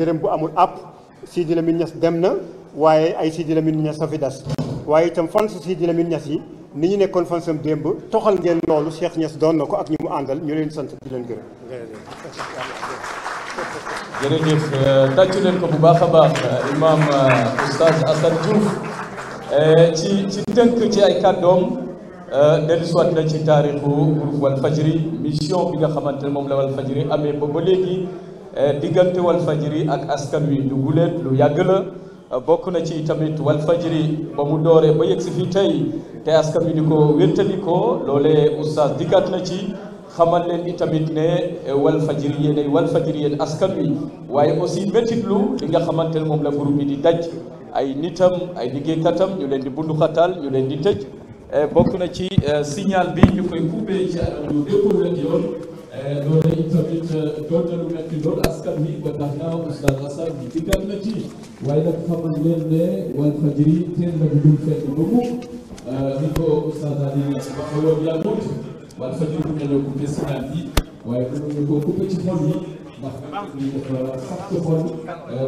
dërëm bu amul àpp Sidi Lamine Niass dem na waaye ay Sidi Lamine Niass a waaye itam fan si Sidi Lamine yi ni ñu nekkoon fan sam démb toxal ngeen loolu Cheikh Niass doon na ko ak ñu mu àndal ñu leen sant di leen gërëm. jërëjëf euh, tàccu leen ko bu baax a baax euh, imam euh, oustaz Assane Diouf ci ci tënk ci ay kàddoom dellu siwaat na ci taarixu Walfadjri mission bi nga xamante ne moom la Walfadjri amee ba ba léegi. Eh, diggante Walfajiri ak askan wi lu guleet lu yàgg la eh, bokk na ci tamit Walfajiri ba mu dooree ba yegsi fii tey te askan wi di ko wéttali ko loolee oustaz dikkaat na ci xamal leen i tamit ne eh, Walfajiri yéenay Walfajiri yéen askan wi waaye aussi métitlu li nga xamante ne moom la groupe bi di daj ay nitam ay liggéeykatam ñu leen di bunduxatal ñu leen di tëj bokk na ci signal bi ñu koy coupé ci anam yu déppul ak yoon loolu eh, it tamit eh, doon na lu metti loolu askan wi ba tax na Oustaz Assane bi na ci waaye nag xamal leen ne Walfadjri teel na bu dul fekk ba mu eh, ni ko Oustaz Aliou waxe woon yàggul Walfadjri mu ne la coupé signal yi waaye mënuñu ko coupé ci xol yi ndax lii dafa sax ci xol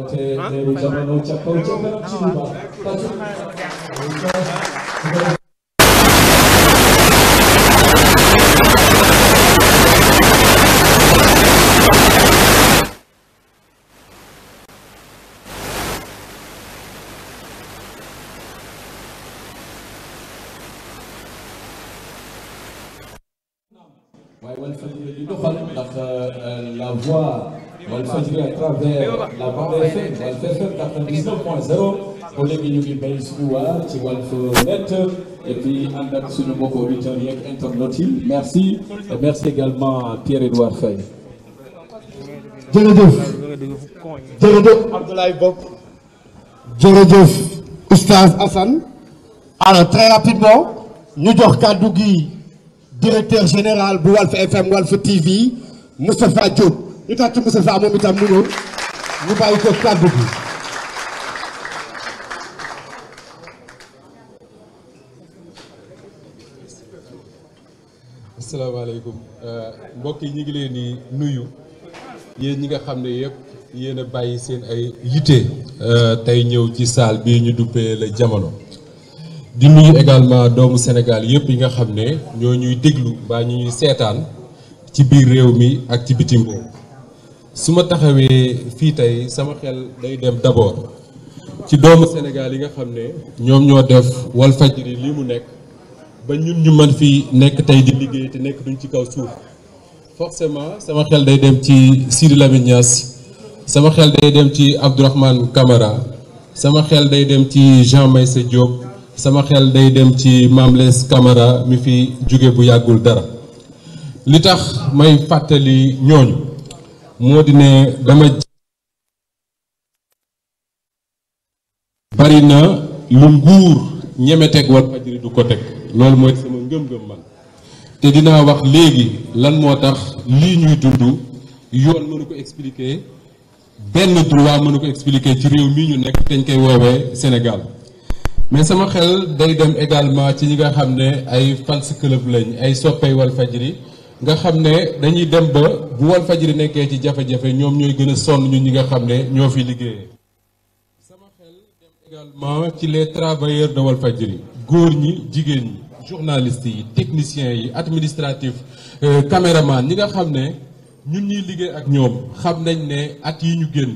te leeru jamono ca kaw ca kanam ci lu baax waaye Walfadjri di doxal ndax euh, euh, la voix Walfadjri à travers la bande FM Walfadjri 99.0 ba léegi ñu ngi béy suñu waar ci Walf net et puis ànd ak suñu mbokku auditeurs yeeg internautes yi merci et merci également Pierre-Edouard Faye. jërëjëf jërëjëf Abdoulaye Bob jërëjëf Oustaz Assane alors très rapidement ñu jox kàddu gi. directeur général bu Walf FM Walf TV Moustapha Diop ñu tàcc Moustapha moom itam mu ñëw ñu bàyyi ko kàddu bi. asalaamaaleykum euh, mbokk yi ñu ngi leen ni nuyu yéen ñi nga xam ne yëpp yéen a bàyyi seen ay yitte euh, tey ñëw ci salle bi ñu duppee la jamono. di nuyu également doomu Sénégal yëpp yi nga xam ne ñoo ñuy déglu mbaa ñuy seetaan ci biir réew mi ak ci bitim réew su ma taxawee fii tey sama xel day dem d'abord ci doomu Sénégal yi nga xam ne ñoom ñoo def Walfadjri lii mu nekk ba ñun ñu mën fi nekk tey di liggéey te nekk duñ ci kaw suuf forcément sama xel day dem ci Sidi Lamine Niass sama xel day dem ci Abdourahmane Camara sama xel day dem ci Jean Meissa Diop sama xel day dem ci Mame Less Camara mi fi jóge bu yàggul dara li tax may fàttali ñooñu moo di ne dama bari na lu nguur ñeme teg Walfadjri du ko teg loolu mooy sama ngëm-ngëm man te dinaa wax léegi lan moo tax lii ñuy dund yoon mënu ko expliquer benn waa mënu ko expliquer ci réew mii ñu nekk dañ koy woowee Sénégal mais sama xel day dem également ci ñi nga xam ne ay fans club lañ ay soppey Walfadjri nga xam ne dañuy dem ba bu Walfadjri nekkee ci jafe-jafe ñoom ñooy gën a sonn ñu ñi nga xam ne ñoo fi liggéeyee. sama xel dem également ci les travailleurs de Walfadjri góor ñi jigéen ñi journalistes yi techniciens yi administratif euh, caméraman ñi nga xam ne ñu ñuy liggéey ak ñoom xam nañ ne at yi ñu génn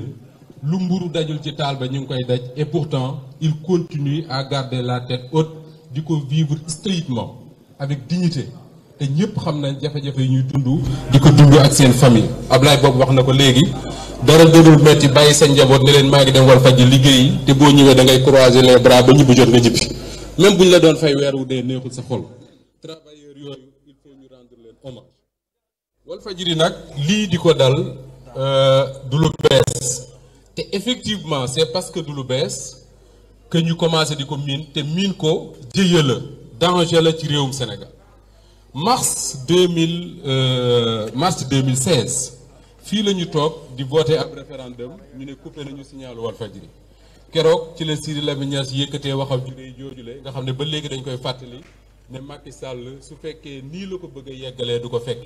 lu mburu dajul ci taal ba ñu ngi koy daj et pourtant. il continue à garder la tête haute di ko vivre stoïquement avec dignité te ñëpp xam nañ jafe-jafe yi ñuy dund di ko dund ak seen famille Ablaye boobu wax na ko léegi dara gënul metti bàyyi sa njaboot ne leen maa ngi dem war faj liggéey te boo ñëwee da ngay croiser les bras ba ñibbi jot nga jibbi même bu la doon fay weer wu dee neexul sa xol travailleurs yooyu il faut ñu rendre leen faj Walfadjri nag lii di ko dal euh, du lu bees te effectivement parce que lu bees que ñu commencé di ko miin te miin ko jëye la danger la ci réewum Sénégal mars 2000 euh, mars 2016 fii la ñu toog di voté ab référendum ñu ne coupé nañu signalu Walfadjri keroog ci la Sidy Lamine Niass yëkkatee waxam ju réy joojule nga xam ne ba léegi dañ koy fàttali ne Macky Sall su fekkee nii la ko bëgg a yeggalee du ko fekk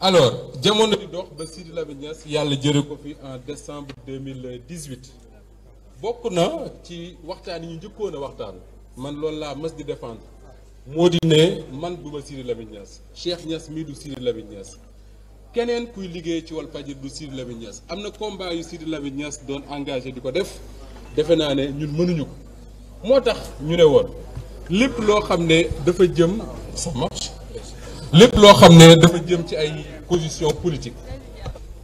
alors jamono di dox ba Sidy Lamine yàlla jëre ko fi en décembre 2018 bokk na ci waxtaan yi ñu njëkkoon a waxtaan man loolu laa mas di défendre moo di ne man du ma Siri Lamine Niass Cheikh Niass mii du Siri Lamine Niass keneen kuy liggéey ci Walfadjri du Siri Lamine Niass am na combat yu Siri Lamine Niass doon engagé di ko def defe naa ne ñun mënuñu ko moo tax ñu ne woon lépp loo xam ne dafa jëm sa marche lépp loo xam ne dafa jëm ci ay position politique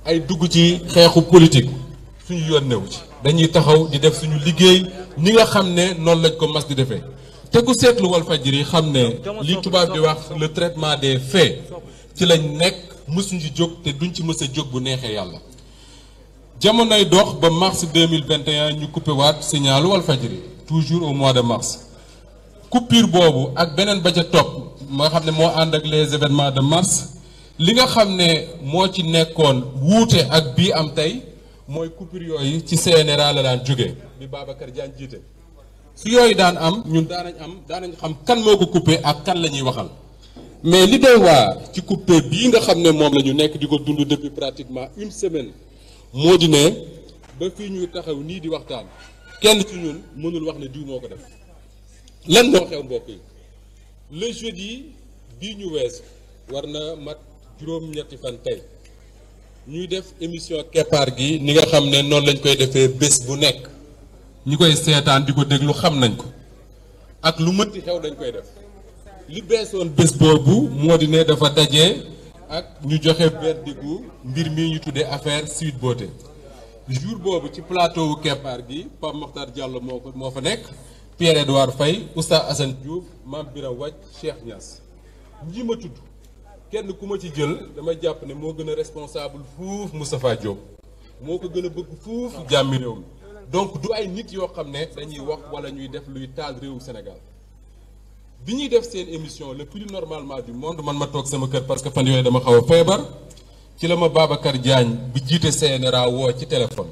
ay dugg ci xeexu politique suñu yoon newu ci dañuy taxaw di def suñu liggéey ni nga xam ne noonu lañ ko mas di defee te ku seetlu Walfadjri xam ne li tubaab bi wax le traitement des faits ci lañ nekk mësuñu ci jóg te duñ ci mës jóg bu neexee yàlla jamonoy dox ba mars 2021 ñu coupé waat signalu Walfadjri toujours au mois de mars coupure boobu ak beneen ba ca topp nga xam ne moo ànd ak les événements de mars li nga xam ne moo ci nekkoon wuute ak bii am tey mooy coupure yooyu ci CNRA la daan jóge bi Babacar jaan jiite su yooyu daan am ñun daanañ am daanañ xam kan moo ko coupé ak kan la ñuy waxal mais li doy waar ci coupé bii nga xam ne moom la ñu nekk di ko dund depuis pratiquement une semaine moo di ne ba fii ñu taxaw nii di waxtaan kenn ci ñun mënul wax ne diw moo ko def lan moo xew mbokk le jeudi bii ñu wees war na mat juróom-ñetti fan tey ñuy def émission keppaar gi ni nga xam ne noonu lañ koy defee bés bu nekk ñi koy seetaan di ko déglu xam nañ ko ak lu mënti xew dañ koy def li beesoon bés boobu moo di ne dafa daje ak ñu joxe verdigu mbir mi ñu tuddee affaire Sweet Beauté jour boobu ci plateau keppaar gi Pape Mokhtar Diallo moo fa nekk Pierre Edouard Faye Oustaz Assane Diouf Mame Biram Waj Cheikh Niass ñi ma tudd kenn ku ma ci jël dama jàpp ne moo gën a responsable fuuf Moustapha Diop moo ko gën a bëgg fuuf jàmmi réew mi donc du ay nit yoo xam ne dañuy wax wala ñuy def luy taal réewu Sénégal bi ñuy def seen émission le plus normalement bi monde man ma toog sama kër parce que fan yooyu dama xaw a feebar ci la ma Babacar Diagne bi jiite CNRA woo ci téléphone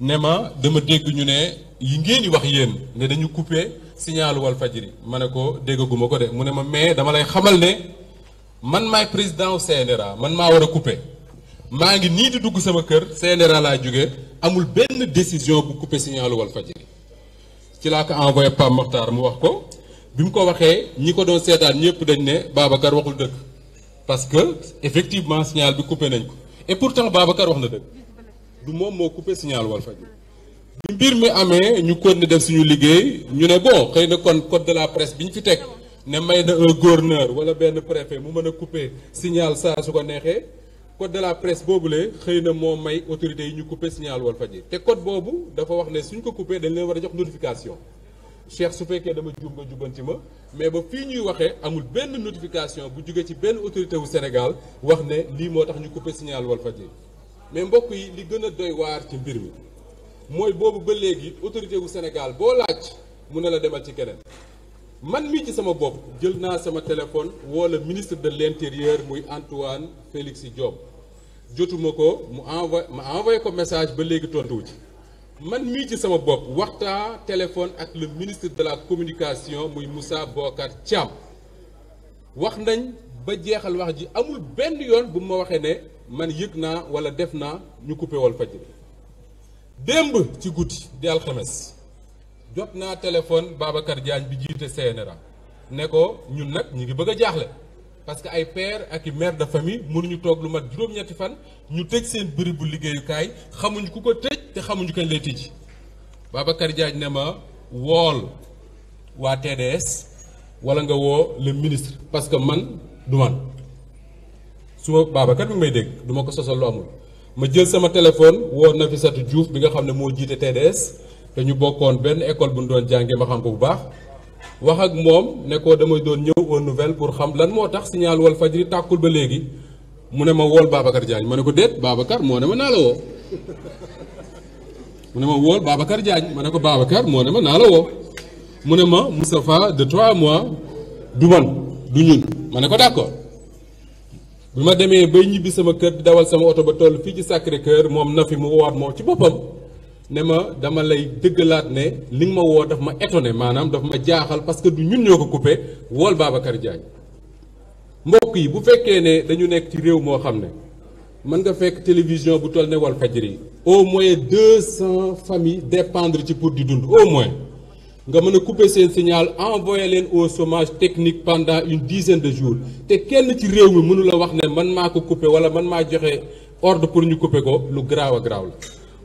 ne ma dama dégg ñu ne yi ngeen di wax yéen ne dañu coupé signal Walfadjri ma ne ko déggaguma ko de mu ne ma mais dama lay xamal ne. man maay président wu CNRA man maa war a couper maa ngi nii di dugg sama kër CNRA laa jóge amul benn décision bu couper signalu Walfadjri ci laa ko envoyé Pape Mokhtar mu wax ko bi mu ko waxee ñi ko doon seetaan ñëpp dañ ne Babacar waxul dëgg parce que effectivement signal bi coupé nañ ko et pourtant Babacar wax na dëgg du moom moo coupé signal Walfadjri bi mbir mi amee ñu kon ne def suñu liggéey ñu ne bon xëy na kon code de la presse bi ñu fi teg ne may na un gouverneur wala benn préfet mu mën a couper signal saa su ko neexee code de la presse boobule xëy na moo may autorité yi ñu couper signal Walfadjri te code boobu dafa wax ne suñ ko couper dañ leen war a jox notification Cheikh su fekkee dama jub nga jubanti ma mais ba fii ñuy waxee amul benn notification bu jugee ci benn autorité wu Sénégal wax ne lii moo tax ñu couper signal Walfadjri mais mbokk yi li gën a doy waar ci mbir mi mooy boobu ba léegi autorité wu Sénégal boo laaj mu ne la demal ci keneen. man mii ci sama bopp jël naa sama téléphone woo la ministre de l' intérieur muy Antoine Félix Diome jotuma ko mu envoyé ma envoyé ko message ba léegi tontuwu ci man mii ci sama bopp waxtaa téléphone ak le ministre de la communication muy Moussa Bocar Thiam wax nañ ba jeexal wax ji amul benn yoon bu ma waxee ne man yëg naa wala def naa ñu coupé Walfadjri démb ci guddi di alxames jot naa téléphone Babacar jaañ bi jiite CNRA ne ko ñun nag ñu ngi bëgg a jaaxle parce que ay père ak i mère de famille ñu toog lu mat juróom-ñetti fan ñu tëj seen bëri bu liggéeyukaay xamuñ ku ko tëj te xamuñu kañ lay tëj Babacar jaañ ne ma wool waa TDS wala nga woo le ministre parce que man du man su ma Babacar mi may dégg duma ko sosal lu amul ma jël sama téléphone woo Nafissatou Diouf bi nga xam ne moo jiite TDS te ñu bokkoon benn école bu ñu doon jàngee ma xam ko bu baax wax ak moom nekkoo ko damay doon ñëw aux nouvelles pour xam lan moo tax signal wal fajri tàkkul ba léegi mu ne ma wool Babacar jaañ ma ne ko déet Babacar moo ne ma naa la woo mu ne ma wool Babacar Diagne ma ne ko Babacar moo ne ma naa la mu ne ma Moustapha de trois mois du man du ñun ma ne ko d'accord bi ma demee bay ñibbi sama kër dawal sama oto ba toll fii ci Sacré Cœur moom na fi mu woowaat moom ci boppam ne ma dama lay dëggalaat ne li nga ma woo daf ma étonné maanaam daf ma jaaxal parce que du ñun ñoo ko coupé wool Babacar Diagne mbokk yi bu fekkee ne dañu nekk ci réew moo xam ne mën nga fekk télévision bu toll ne Walfadjri au moins deux cent familles dépendre ci pour di dund au moins nga mën a couper seen signal envoyé leen au chômage technique pendant une dizaine de jours te kenn ci réew mi mënula wax ne man maa ko coupé wala man maa joxe ordre pour ñu couper ko lu garaaw a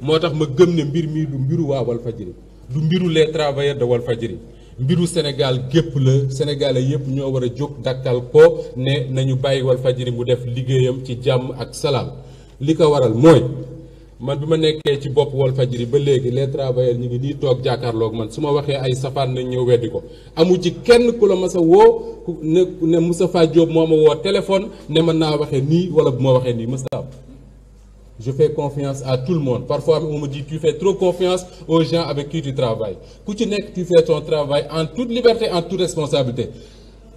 moo tax ma gëm ne mbir mii du mbiru waa Walfadjri du mbiru les travailleurs de Walfadjri mbiru Sénégal gépp la Sénégalais yëpp ñoo war a jóg dakkal ko ne nañu bàyyi Walfadjri mu def liggéeyam ci jàmm ak salaam li ko waral mooy man bi ma nekkee ci bopp Walfadjri ba léegi les travailleurs ñu ngi nii toog jàkkaarloog man su ma waxee ay safaan nañ ñëw weddi ko amu ci kenn ku la masa a woo ne ne Moustapha Diop moo ma woo téléphone ne mën naa waxee nii wala bu ma waxee nii mës je fais confiance à tout le monde parfois on me dit tu fais trop confiance aux gens avec qui tu travailles ku ci nekk tu fais ton en tout liberté en toute responsabilité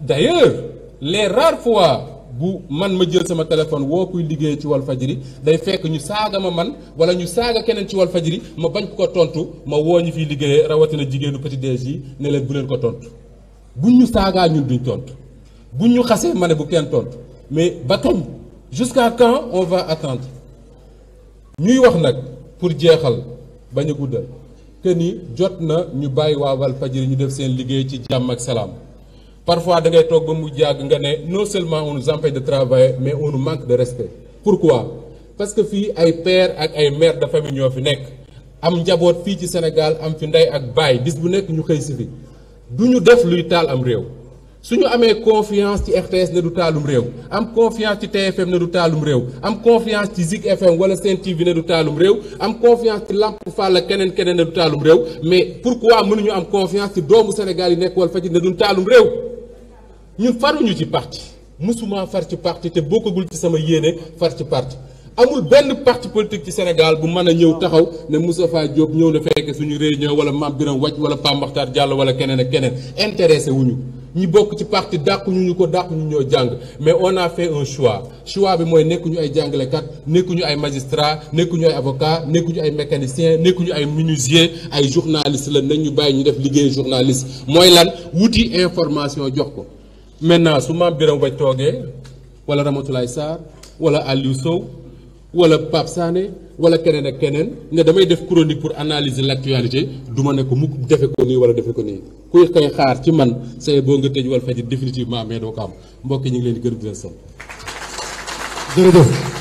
d'ailleurs les rares fois bu man ma jël sama téléphone woo kuy liggéey ci Walfadjri day fekk ñu saaga ma man wala ñu saaga keneen ci Walfadjri ma bañ ko tontu ma woo ñu fiy liggéeye rawatina jigéenu Petit Déj yi ne leen bu leen ko tontu buñ ñu saagaa ñun duñ tontu buñ ñu xasee ma ne bu kenn tontu mais ba kañ jusqu'à quand on va attendre ñuy wax nag pour jeexal bañ a guddal que ni jot na ñu bàyyi waa Walfadjri ñu def seen liggéey ci jàmm ak salaam parfois da ngay toog ba mu jàgg nga ne non seulement on nous empêche de travailler mais on nous manque de respect pourquoi parce que fii ay père ak ay mère de famille ñoo fi nekk am njaboot fii ci Sénégal am fi ndey ak baay bis bu nekk ñu xëy si fi du ñu def luy taal am réew su ñu amee confiance ci RTS ne du taalum réew am confiance ci TFM na du taalum réew am confiance ci Zik FM wala Sen TV ne du taalum réew am confiance ci Lamp keneen keneen ne du réew mais pourquoi mënuñu am confiance ci doomu Sénégal yi nekk Walfadjri ne du taalum réew ñun faruñu ci parti mësuma far ci parti te bokkagul ci sama yéene far ci parti amul benn parti politique ci Sénégal bu mën a ñëw taxaw ne Moustapha Diop ñëw na fekk suñu réunion wala Mame Birame Wathie wala Pape Makhtar Diallo wala keneen ak keneen intéressé wuñu ñi bokk ci parti dàqu ñu ñu ko dàqu ñu ñoo jàng mais on a fait un choix choix bi mooy nekkuñu ay jàngalekat nekkuñu ay magistrat nekkuñu ay avocat nekkuñu ay mécanicien nekkuñu ay menuisier ay journaliste la nañ ñu bàyyi ñu def liggéey journaliste mooy lan wuti information jox ko maintenant su maam Birame Wathie toogee wala Ramatoulaye Sarr wala Aliou Sow wala Pape Sané wala keneen ak keneen nga damay def chronique pour analyser l' actualité du ma ne ko mu defe ko nii wala defe ko nii kuy koy xaar ci man say boo nga tëj Walfadjri définitivement mais doo ko am mbokk yi ñu ngi leen di gërëm di leen sant